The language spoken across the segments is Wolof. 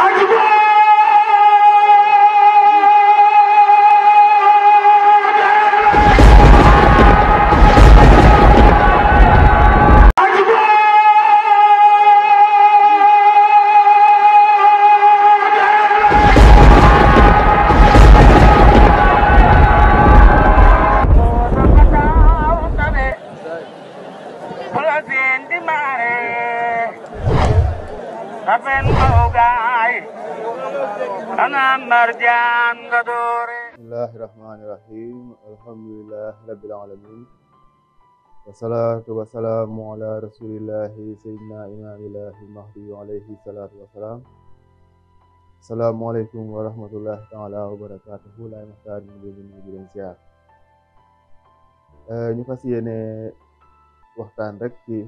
Akbar! Wassalatu wassalamu ala rasulillahi sayyidina imamillahi mahdi alaihi salatu wassalam Assalamualaikum warahmatullahi ta'ala wabarakatuh lay eh, oh. ni ñu ni eh, di leen euh ñu fasiyene yéene waxtaan rek ci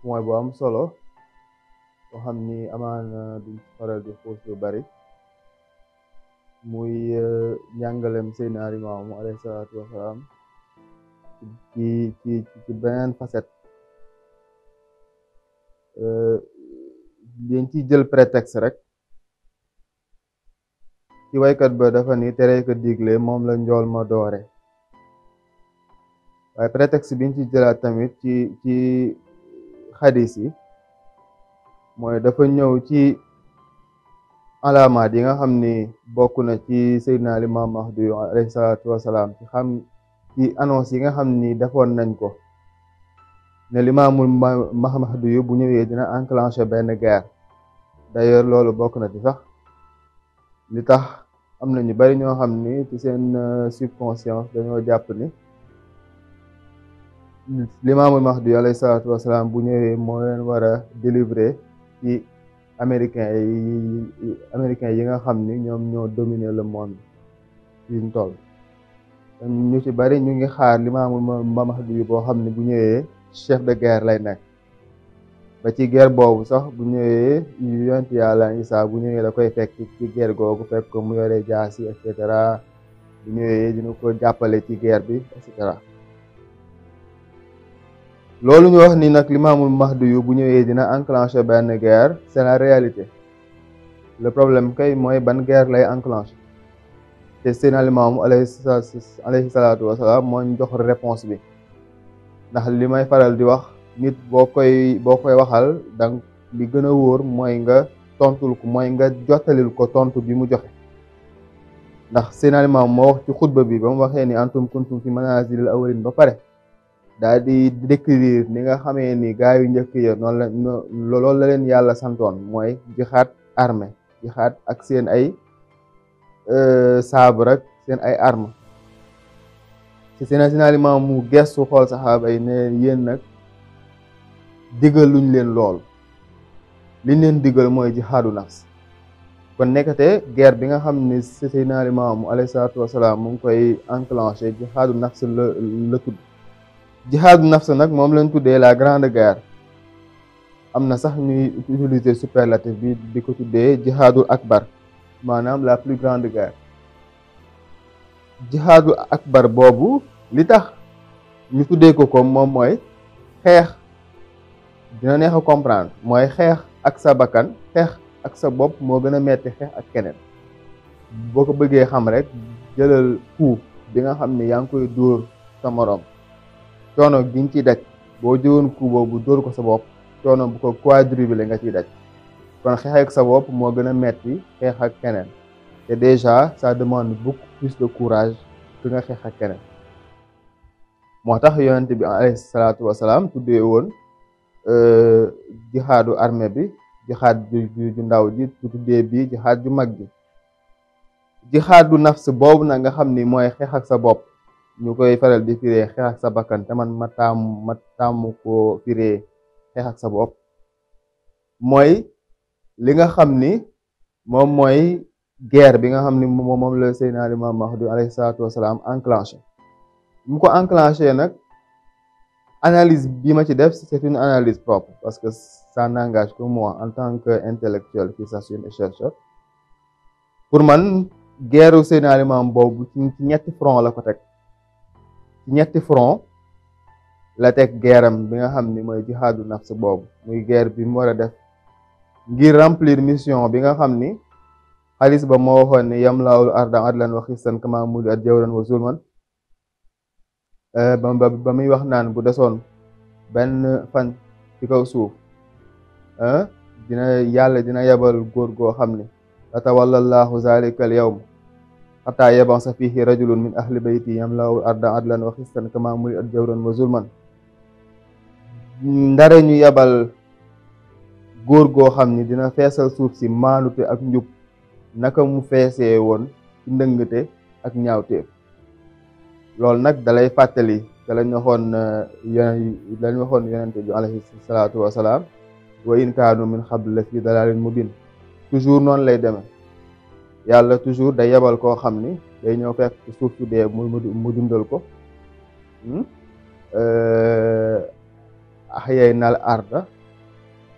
moy bu am solo boo xamni amana du faral di xoss lu bari muy eh, ñangalem seen alimaamu alayhi salatu wassalam que, que, que benen facette dañ ci jël prétexte rek ci waykat ba dafa ni téré ko digle moom la ndjol ma doore waaye prétexte biñ ci jëla tamit ci ci hadith yi moy dafa ñëw ci alaamaat yi nga xamni bokku na ci sayyidina Limaam Mahdi alayhi salatu wassalam ci xam ci annonce yi nga xam ni defoon nañ ko ne max Mahmahdi yu bu ñëwee dina enclenché benn guerre d'ailleurs loolu bokk na ci sax li tax am na ñu bari ñoo xam ni ci seen euh, subconscience dañoo jàpp ni limaamul Mahdi alayhi salaatu wasalaam bu ñëwee moo leen war a délivrer ci américain yi américain yi nga xam ni ñoom ñoo domine le monde fi ñu toll ñu ci bari ñu ngi xaar limaamul Mahdi bi boo xam ne bu ñëwee chef de guerre lay nekk ba ci guerre boobu sax bu ñëwee yonent yàlla ngi Isaa bu ñëwee la koy fekk ci guerre googu fekk ko mu yoree jaasi et cetera bu ñëwee dina ko jàppale ci guerre bi et cetera loolu ñu wax ni nag limaamul Mahdi yu bu ñëwee dina enclencher benn guerre c'est la réalité le problème kay mooy ban guerre lay enclencher te Seydina Limaamu alayhi salaatu wasalaam moo ñu jox réponse bi ndax li may faral di wax nit boo koy boo koy waxal dang li gën a wóor mooy nga tontul ko mooy nga jottalil ko tontu bi mu joxe ndax Seydina Limaamu moo wax ci xutba bi ba mu waxee ni antum kuntum fi manaazilil awwaliin ba pare daal di décrire ni nga xamee ni gaa yu njëkk ya noonu la loolu la leen yàlla santoon mooy jixaat armée jixaat ak seen ay Euh, saabu rek seen ay arm ci seen signalement mu geestu xool saxaaba yi ne yéen nag digal luñ leen lool liñ leen digal mooy jihaadu nas kon nekkate guerre bi nga xam ne ci Seydina mu alayhi salaatu wasalaam mu ngi koy enclenché jihaadu nafs la la tudd jihaadu nafs nag moom lañ tuddee la grande guerre am na sax ñuy utiliser superlatif bi di ko tuddee jihaadul akbar maanaam la plus grande guerre jihaadu akbar bobu li tax ñu tuddé ko ko mom moy xex dina neex a comprendre moy xex ak sa bakan xex ak sa bop mo gëna metti xex ak keneen boko bëggé xam rek jëlal coup bi nga xamni yang koy door sa morom tono giñ ci ciy daj boo jëwoon coup bobu door ko sa bop tono bu ko quadruplé nga ci daj kon xeex ak sa bopp moo gën a metti xeex ak keneen te déjà ça demande beaucoup plus de courage que nga xeex ak keneen moo tax yonent bi alayhi salaatu wasalaam tuddee woon euh, jixaadu armée bi jixaad ju ju ndaw ji tuddee bi jixaad ju mag ji jixaadu nafs boobu nag nga xam ni mooy xeex ak sa bopp ñu koy faral di firee xeex ak sa bakkan te man ma taamu ma taamu ko firee xeex ak sa bopp mooy li nga xam ni moom mooy guerre bi nga xam ni moom moom la Seydina Limaamu Mahdi alayhi salaatu wasalaam enclenché mu ko enclanché nag analyse bi ma ci def c'est une analyse propre parce que ça nangage que moi en tant que intellectuel qui s'assume et chercheur pour man guerre Seydina Limaamu boobu ci ñetti front la ko teg ci ñetti front la teg guerre bi nga xam ni mooy jihaadu nafs boobu muy guerre bi mu war a def ngir remplir mission bi nga xamni khalis ba mo waxone yamlaul ardan adlan wa khisan kama ad jawran wa zulman eh, ba ba muy wax nan bu deson ben fan ci kaw suuf eh, dina yalla dina yabal gor go xamni ata wallahu zalika al yawm xataa fihi rajulun min ahli bayti yamlaul ardan adlan wa khisan kama ad jawran wa zulman ndare ñu yabal góor goo xam ni dina feesal suuf si maanute ak njub naka mu feesee woon ci ndëngte ak ñaawteef loolu nag dalay fàttali te lañ waxoon uh, lañ waxoon yonente bi alayhi salaatu wasalaam wa in kaanu min xabl la fi dalaalin mubin toujours noonu lay deme yàlla toujours day yebal koo xam ni day ñëw fekk suuf su dee mu mu dundal ko hmm? uh, ahyay nal arda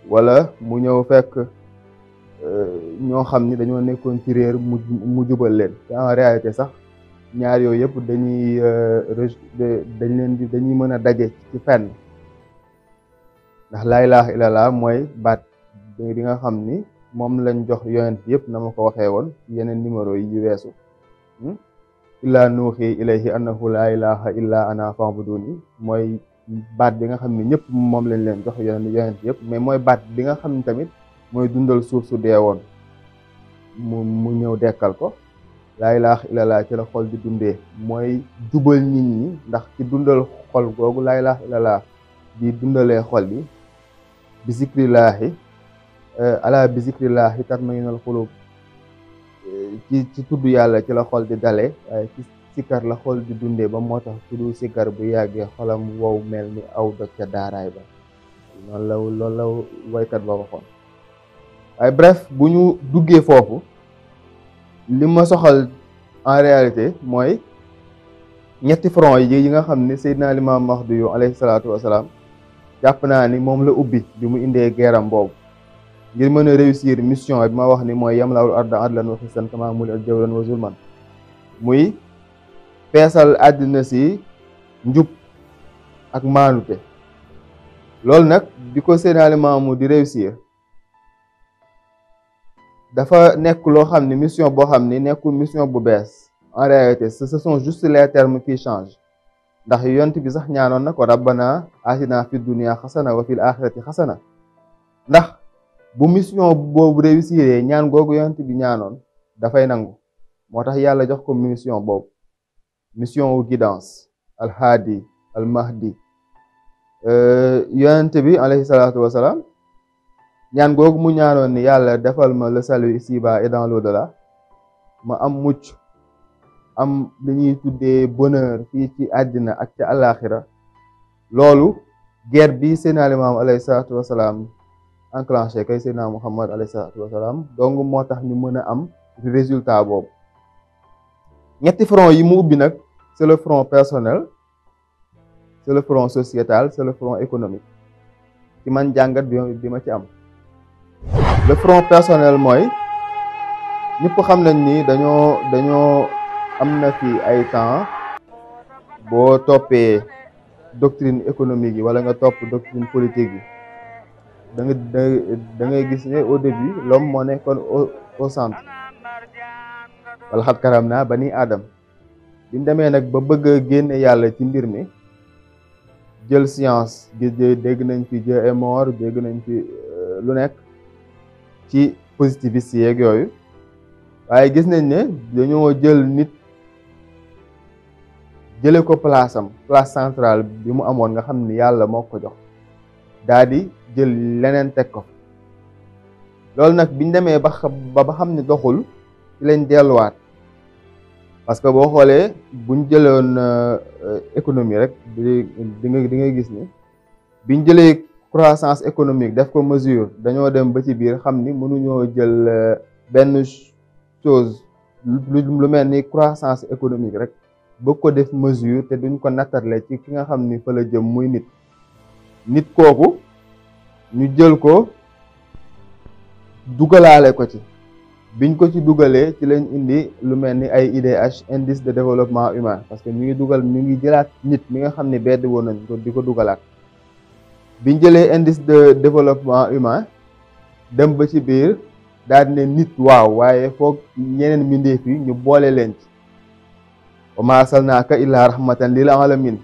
wala mu ñëw fekk euh, ñoo xam ni dañoo nekkoon ci réer mu mu jubal leen te en réalité sax ñaar yooyu yëpp dañuy euh, dañ leen di dañuy mën a daje ci fen ndax laa ilaaha illallah mooy baat bi nga xam ni moom lañ jox yonent yëpp na ma ko waxee woon yeneen numéro yi yu weesu hmm? illaa nuuxi ilayhi annahu laa ilaaha illaa ana fa'buduni mooy baat bi nga xam ne ñëpp moom lañ leen jox yonent yonent yëpp mais mooy baat bi nga xam ne tamit mooy dundal suuf su dee woon mu ñëw dekkal ko laa ilaaha illallah ci la xol di dundee mooy jubal nit ñi ndax ci dundal xol googu lay ilaaha illallah di dundalee xol yi bi zikrillaahi eh, ala bi zikrillaahi tatmainul xulub eh, ci ci tudd yàlla ci la xol di dale sikar la xol di dundee ba moo tax ku dul sikar bu yàggee xolam wow mel ni aw dog ca daaraay ba noonu la loolu la woykat ba waxoon waaye bref bu ñu duggee foofu li ma soxal en réalité mooy ñetti front yi yi nga xam ne Seydina Limaam Mahdi yu alayhi salaatu wasalaam jàpp naa ni moom la ubbi bi mu indee geeram boobu ngir mën a réussir mission bi ma wax ni mooy yamlawul arda adlan wa xisan kama muliyat jawran wa zulman muy peesal àddina si njub ak maanute loolu nag bi ko Seydina moo di réussir dafa nekk loo xam ne mission boo xam ni nekkul mission bu bees en réalité ce sont juste les termes qui changent ndax yont bi sax ñaanoon na ko rabbana atina fi dunia xasana wa fil axirati xasana ndax bu mission boobu réussiree ñaan googu yont bi ñaanoon dafay nangu moo tax yàlla jox ko mission boobu mission wu guidance alhaadi almahdi euh, yonente bi alayhi salaatu wasalaam ñaan googu mu ñaanoon ni yàlla defal ma la salut ici-bas et ma am mucc am li ñuy tuddee bonheur fii ci àddina ak ci àllaaxira loolu guerre bi seydina limaam alayhi salaatu wasalaam enclenché kay seydina muhammad alayhi salaatu wasalaam moo tax ñu mën a am résultat boobu ñetti front yi mu ubbi nag c'est le front personnel c'est le front sociétal c'est le front économique ci man jàngat bi bi ma ci am le front personnel mooy ñëpp xam nañ ni dañoo dañoo am na fi ay temps boo toppee doctrine économique yi wala nga topp doctrine politique yi da nga ngay gis ne au début l'homme moo nekkoon au walaxat karam naa ba ni aadam biñ demee nag ba bëgg a génne yàlla ci mbir mi jël science gi dégg nañ fi Dieu est dégg nañ fi euh, lu nekk ci positiviste yeeg yooyu waaye gis nañ ne dañoo jël nit jële ko place am central bi mu amoon nga xam ni yàlla moo ko jox daa di jël leneen teg ko loolu nag biñ demee ba ba xam ne doxul ci lañ delluwaat parce que boo xoolee buñ jëloon euh, économie rek di di nga di nga gis ni biñ jëlee croissance économique def ko mesure dañoo dem ba ci biir xam ni mënuñoo jël euh, benn chose lu lu mel ni croissance économique rek bëgg ko def mesure te duñ ko nattarle ci ki nga xam ni fa la jëm muy nit nit kooku ñu jël ko dugalaale ko ci biñ ko ci dugalee ci leen indi lu mel ni ay IDH indice de développement humain parce que ñu ngi dugal ñu ngi jëlaat nit mi nga xam ne bedd woon nañ ko di ko dugalaat biñ jëlee indice de développement humain dem ba ci biir daal ne nit waaw waaye foog ñeneen mbindeef yi ñu boole leen ci wa maa arsalnaaka illaa rahmatan lil alamin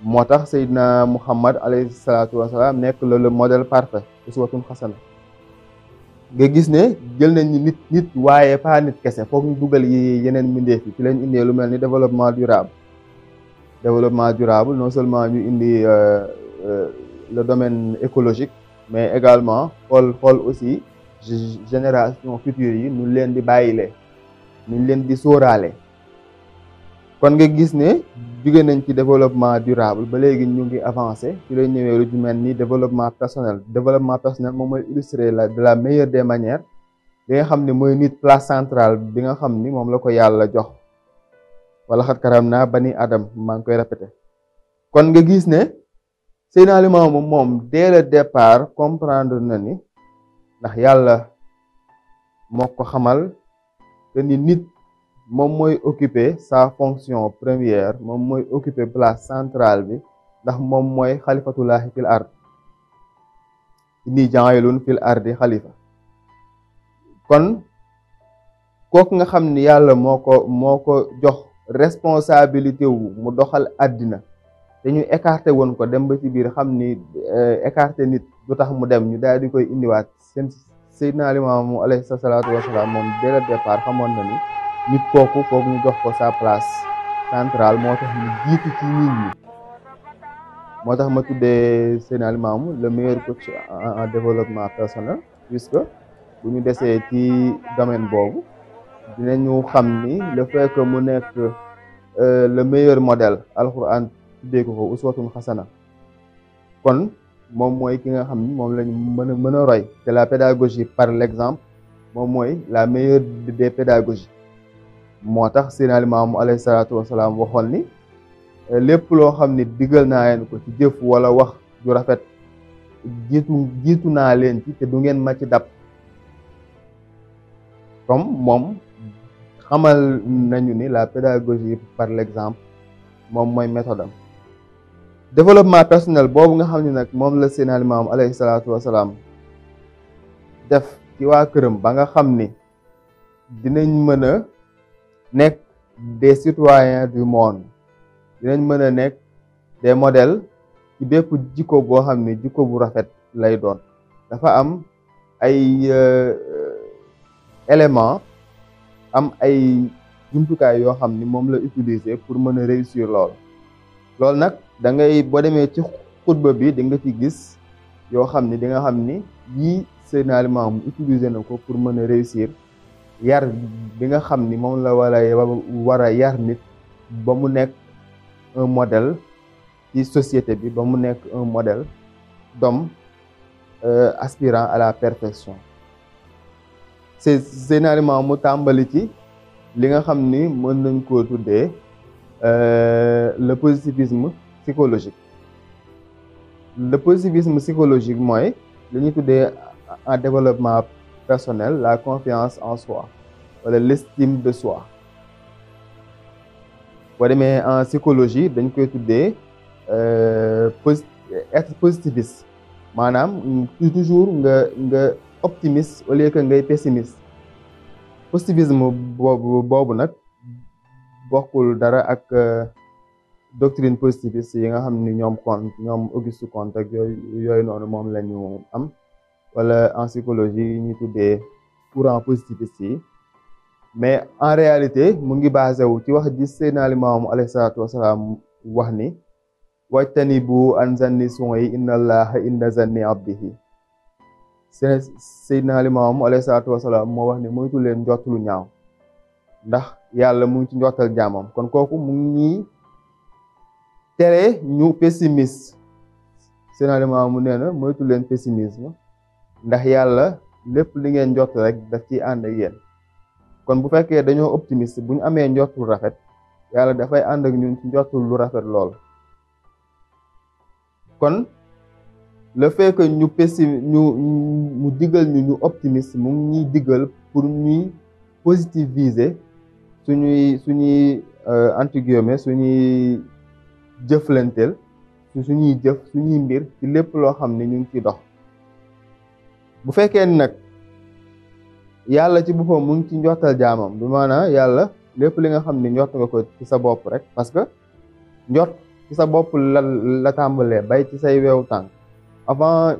moo tax Seydina Muhammad alayhi salaatu wasalaam nekk loolu modèle parfait uswatun xasana nga gis ne jël nañ nit nit waaye pa nit kese foog ñu dugal yi yeneen mbindeef yi ci lañ indee lu mel ni développement durable développement durable non seulement ñu indi euh, euh, le domaine écologique mais également xool xool aussi génération future yi ñu leen di bàyyile ñu leen di sóoraale kon nga gis ne jóge nañ ci développement durable ba léegi ñu ngi avancé ci lay ñëwee lu ci mel ni développement personnel développement personnel moom mooy illustrer la de la meilleure des manières li nga xam ni mooy nit place centrale bi nga xam ni moom la ko yàlla jox wala xat na naa bani adam maa ngi koy répété kon nga gis ne seen aliment moom moom dès le départ comprendre na ni ndax yàlla moo ko xamal que nit moom mooy occuper sa fonction première moom mooy occuper place centrale bi ndax moom mooy xalifatullahi fil ard inni jaayilun fil ardi xalifa kon kooku nga xam ni yàlla moo ko moo ko jox responsabilité wu mu doxal àddina te ñu écarté woon ko dem ba ci biir xam ni euh, écarté nit du tax mu dem ñu daal di koy indiwaat seen Seydina Limaamu alayhi salaatu wasalaam moom dès le départ xamoon na ni nit kooku foog ñu jox ko sa place central moo tax mu jiitu ci nit ñi moo tax ma tuddee Seny Alimaamou le meilleur coach en développement personnel puisque bu ñu desee ci domaine boobu dinañu xam ni le fait que mu nekk euh, le meilleur modèle alxuraan tuddee ko ko uswatun xasana kon moom mooy ki nga xam ni moom lañu mën a mën a roy de la pédagogie par exemple moom mooy la meilleure des pédagogies motax tax al imam alayhi wa wasalaam waxol ni lepp lo xamni ne digal naa ko ci def wala wax ju rafet jiitu jiitu na len ci te du ngeen ma ci dab comme mom xamal nañu ni la pédagogie par l'exemple mom moy méthode am développement personnel bobu nga xamni nak mom la seen imam alayhi def ci wa këram ba nga xamni dinañ nekk des citoyens du monde dinañ mën a nekk des modèles ci bépp jikko boo xam ne jikko bu rafet lay doon dafa am ay euh, élément am ay jumtukaay yoo xam ni moom la utiliser pour mën a réussir lool loolu nag da ngay boo demee ci xutba bi di nga ci gis yoo xam ni di nga xam ni yii Seydina Limaamu utiliser na ko pour mën a réussir yar bi nga la a yar nit ba un modèle ci société bi un modèle d'homme euh, aspirant à la perfection c'est ci euh, le positivisme psychologique le positivisme psychologique mooy li développement personnel, la confiance en soi ou l'estime de soi boo demee en psychologie dañ koy tuddee euh, être positiviste maanaam mm, toujours nga nga optimiste au lieu que nga pessimiste positivisme bobu boobu nag bokkul dara ak euh, doctrine positiviste yi nga xamni ñom ñoom Comte Auguste Comte ak yoy yooyu noonu moom lañu am wala en psychologie ñu tuddee courant positiviste yi mais en réalité mu ngi basé wu ci wax ji Seydina Limaamu alayhi salaatu wasalaam wax ni wajtani bu an zanni son yi inna allaha inna zanni abdihi Seydina Limaamu alayhi salaatu wasalaam moo wax ni moytu leen njott lu ñaaw ndax yàlla mu ngi ci njottal jaamam kon kooku mu ngi tere ñu pessimiste Seydina Limaamu nee na moytu leen pessimisme ndax yàlla lépp li ngeen njort rek daf ciy ànd ak yéen kon bu fekkee dañoo optimiste bu ñu amee njortul rafet yàlla dafay ànd ak ñun ci njortul lu rafet lool kon le fekk ñu pessimiste ñu mu digal ñu ñu optimiste mu ñuy digal pour ñuy positiviser suñuy suñuy euh, entre guillemets suñuy jëflanteel suñuy jëf suñuy mbir ci lépp loo xam ne ñu ngi ciy dox bu fekkee ni nag yàlla ci boppam mu ngi ci njortal jaamam bi maanaam yàlla lépp li nga xam ni njort nga ko ci sa bopp rek parce que njort ci sa bopp la la tàmbalee bay ci say weew tànk avant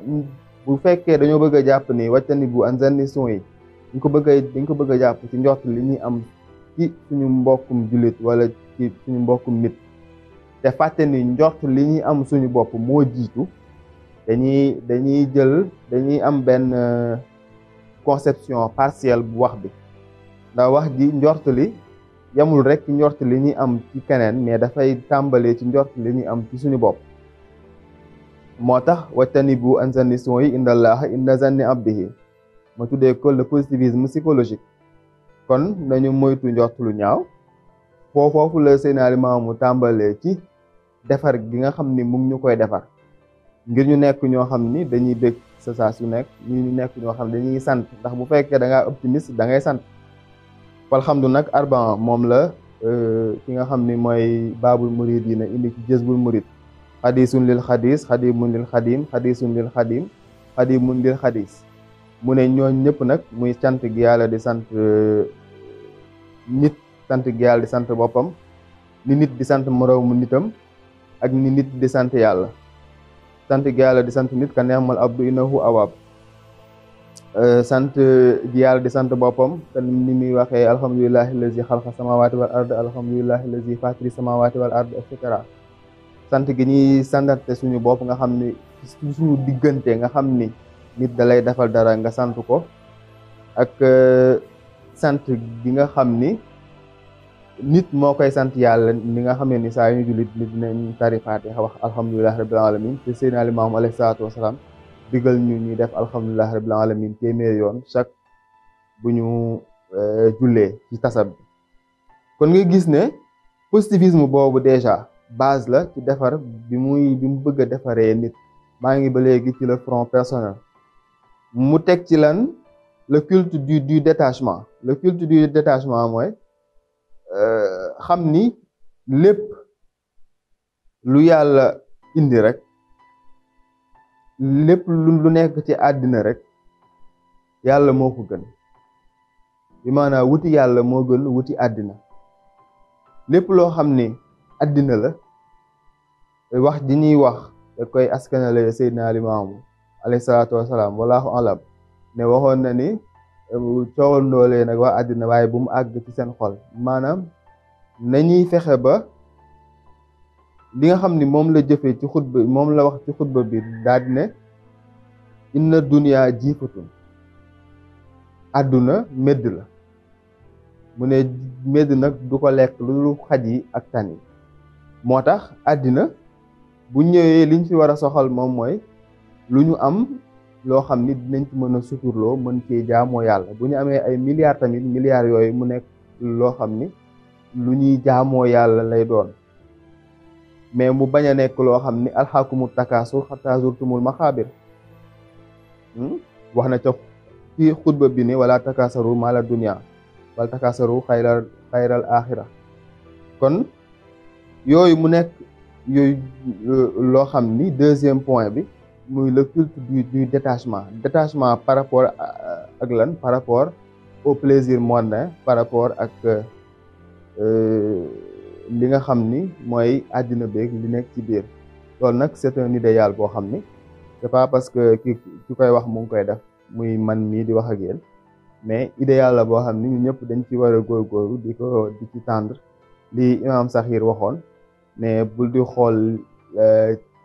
bu fekkee dañoo bëgg a jàpp ni waccani bu anzanni son yi dañ ko bëgg a dañ ko bëgg a jàpp ci njort li ñuy am ci suñu mbokkum jullit wala ci suñu mbokkum nit te fàtte ni njort li ñuy am suñu bopp moo jiitu dañuy dañuy jël dañuy am benn euh, conception partielle bu wax bi ndax wax ji njort li yamul rek ci njort li ñuy am ci keneen mais dafay tàmbalee ci njort li ñu am ci suñu bopp moo tax wattani bu an yi inda allah inda zanni abdihi ma tuddee ko le positivisme psychologique kon nañu moytu njort lu ñaaw foo la seen aliment mu tàmbalee ci defar gi nga xam ni mu ñu koy defar ngir ñu nekk ñoo xam ni dañuy bég sensation hamni nekk ñu nekk ñoo xam dañuy sant ndax bu fekkee da ngaa optimiste da ngay sant walxamdu nag arban moom la euh, ki nga xam ni mooy baabul murid yi na indi ci jësbul murid xadisun lil xadis xadimun lil xadim xadisun lil xadim xadimun lil xadis mu ne ñoo ñëpp nag muy cant gi yàlla di sant euh, nit sant gi yàlla di sant boppam ni nit di sant moroomu nitam ak ni nit di sant yàlla sant gi yàlla di sant nit ka neexmal abdu inahu awaab eh, sant gi yàlla di sant boppam ni muy waxee alhamdulilahi lazi xalqa samawati wal ard alhamdulilahi lazi fatiri samawati wal ard et cetera sant gi ñuy santante suñu bopp nga xam ni suñu diggante nga xam ni nit da lay defal dara nga sant ko ak eh, sant gi nga xam ni nit moo koy sant yàlla ni nga xamee ni saa yu ñu jullit nit dinañ tari fatiha wax alhamdulilah rabil alamin te seen alimaam alayhi salaatu wasalaam digal ñu ñuy def alhamdulilah rabil alamin téeméer yoon chaque bu ñu euh, jullee ci tasab bi kon nga gis ne positivisme boobu déjà base la ci defar bi muy bi mu bëgg a defaree nit maa ngi ba léegi ci le front personnel mu teg ci lan le culte du du détachement le culte du détachement mooy Euh, xam ni lépp lu yàlla indi rek lépp lu nekk ci àddina rek yàlla moo ko gën bi maanaam wuti yàlla moo gën wuti àddina lépp loo xam ni àddina la wax di ñuy wax da koy askanale Seydina Limaamu alayhi salaatu wasalaam walaahu alam ne waxoon ni coowandoo lee nag waa àddina waaye bu mu àgg ci seen xol maanaam nañuy fexe ba li nga xam ni moom la jëfee ci xutba moom la wax ci xutba bi daal di ne inna dunia jiifatun àdduna medd la mu ne medd nag du ko lekk lu xaj yi ak tan yi moo tax àddina bu ñëwee liñ fi war a soxal moom mooy lu ñu am loo xam ni dinañ ci mën a suturloo mën cee jaamoo yàlla bu ñu amee ay milliards tamit milliards yooyu mu nekk loo xam ni lu ñuy jaamoo yàlla lay doon mais mu bañ a nekk loo xam ni alxaakumu takaasur xataa zurtumul maxaabir hmm? wax na ca ci xutba bi ni wala takaasaru maala dunia wala takaasaru xayral xayral kon yooyu mu nekk yooyu loo xam ni deuxième point bi muy le culte du du détachement détachement par rapport ak lan par rapport au plaisir mondain par rapport ak euh, euh, li nga xam ni mooy àddina beeg li nekk ci biir lool nag c'est un idéal boo xam ni c'est pas parce que ki ki koy wax mu ngi koy def muy man mii di wax ak yéen mais idéal la boo xam ni ñu ñëpp dañ ci war a góorgóorlu di ko di ci tendre li imam Saxiir waxoon mais bul di xool euh,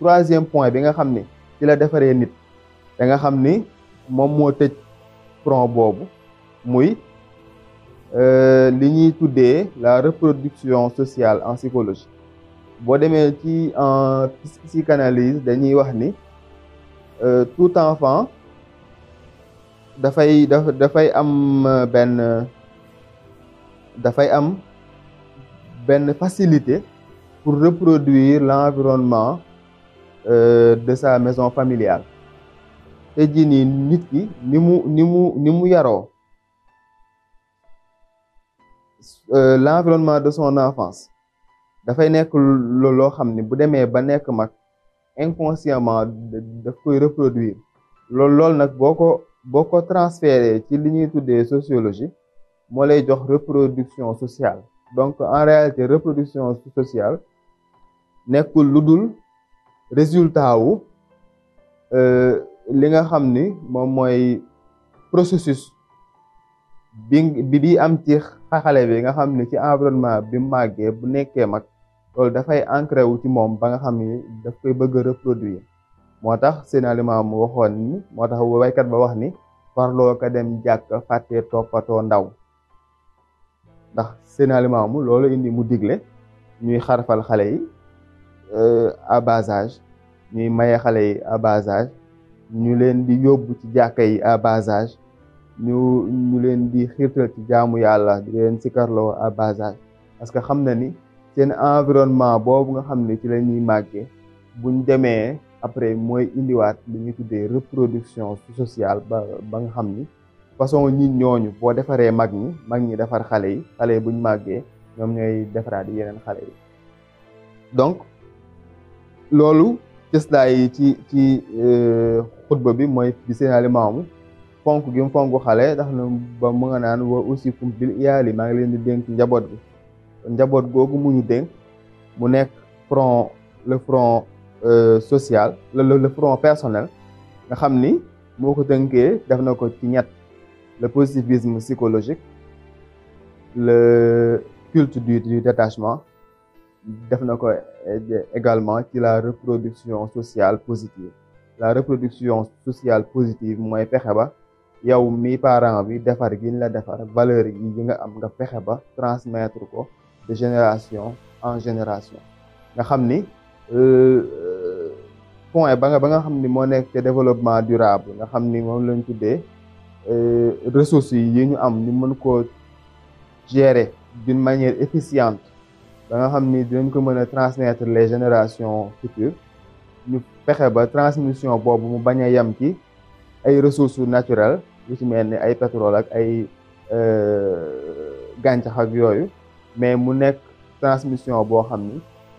troisième point bi nga xam ni ci la defaree nit da nga xam ni moom moo tëj front boobu muy euh, li ñuy tuddee la reproduction sociale en psychologie boo demee ci en psychanalyse dañuy wax ni euh, tout enfant dafay da dafay am euh, benn dafay am benn facilité pour reproduire l'environnement euh, de sa maison familiale te ji nii nit ki ni mu ni mu ni mu euh, l'environnement de son enfance dafay nekk loo lo xamni bu démé ba nek mak inconsciemment daf koy reproduire loolu loolu nak boko boko transférer. transféré ci liñuy tuddé sociologie mo lay jox reproduction sociale donc en réalité reproduction sociale nekul ludul résultat wu euh, li nga xam ni moom mooy processus bi bi di am ci xale bi nga xam ni ci environnement bi màggee bu nekkee mag loolu dafay ancré wu ci moom ba nga xam ni daf koy bëgg a reproduire moo tax seen aliment mu waxoon ni moo tax waykat ba wax ni farloo ko dem jàkk fàttee toppatoo ndaw ndax seen aliment mu loolu indi mu digle ñuy xarfal xale yi Euh, à bas ñuy maye xale yi à ñu leen di yóbbu ci jàkka yi à bas ñu ñu leen di xiirtal ci jaamu yàlla di leen sikarloo à bas parce que xam na ni seen environnement boobu nga xam ne ci la ñuy màggee buñ demee après mooy indiwaat li ñuy tuddee reproduction sociale ba ba nga xam ni façon ñi ñooñu boo defaree mag ñi mag ñi defar xale yi xale yi buñ màggee ñoom ñooy defaraat yeneen xale yi loolu cëslaay yi ci ci euh, xutba bi mooy bi seenaali maamu fonk gi mu fonk xale tax na ba mu nga naan wa aussi kum bil iyaali maa ngi leen di dénk njaboot gi njaboot googu mu ñu dénk mu nekk front le front euh, social le front personnel nga xam ni moo ko tënkee def na ko ci ñett le positivisme psychologique le culte du du détachement def ko également qu'il la reproduction sociale positive la reproduction sociale positive mooy fexe ba yow mi parent bi defar gi la defar valeur yi nga am nga fexe transmettre ko de génération en génération nga xam ni euh, euh, point ba nga ba nga xam te développement durable nga xam ni moom lañ tuddee euh, ressources yi ñu am ni mën ko gérer d'une manière efficiente ba nga xam ni dinañ ko mën a transmettre les générations futures ñu pexe ba transmission boobu mu bañ a yem ci ay ressources naturelles lu ci mel ni ay pétrole ak ay euh, gàncax ak yooyu mais mu nekk transmission boo xam ni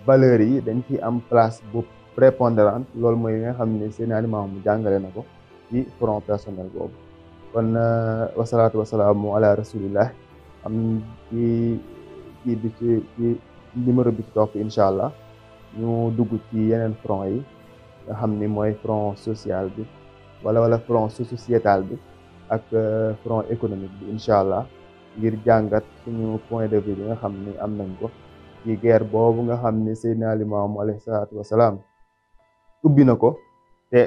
valeurs yi dañ ciy am place bu prépondérante loolu mooy li nga xam ni seen aliment mu jàngale na ko ci front personnel boobu kon euh, wasalaatu wasalaamu ala rasulillah am ci kii ci numéro bi ci topp incha allah ñu dugg ci yeneen front yi nga xam ni mooy front social bi wala wala front sociétal bi ak euh, front économique bi incha allah ngir jàngat suñu point de vue bi nga xam ni am nañ ko ci guerre boobu nga xam ni Seydina Limaamu alayhi salaatu wasalaam ubbi na ko te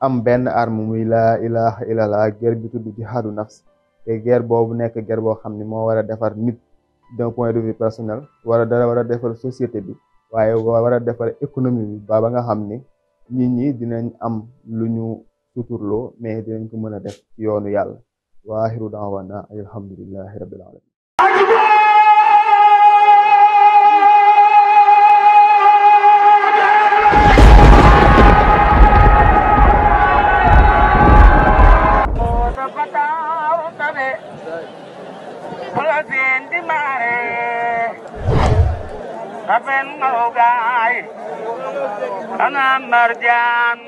am benn arme muy la ilaha illallah guerre bi tudd jihaadu nafs te guerre boobu nekk guerre boo xam ni moo defar nit d'un point de vue personnel war a dara war a defar société bi waaye war a defar économie bi ba ba nga xam ni nit ñi dinañ am lu ñu suturloo mais dinañ ko mën a def ci yoonu yàlla waaxiru daawana alhamdulillahi rabbil alamin أفن موقعي أنا مرجان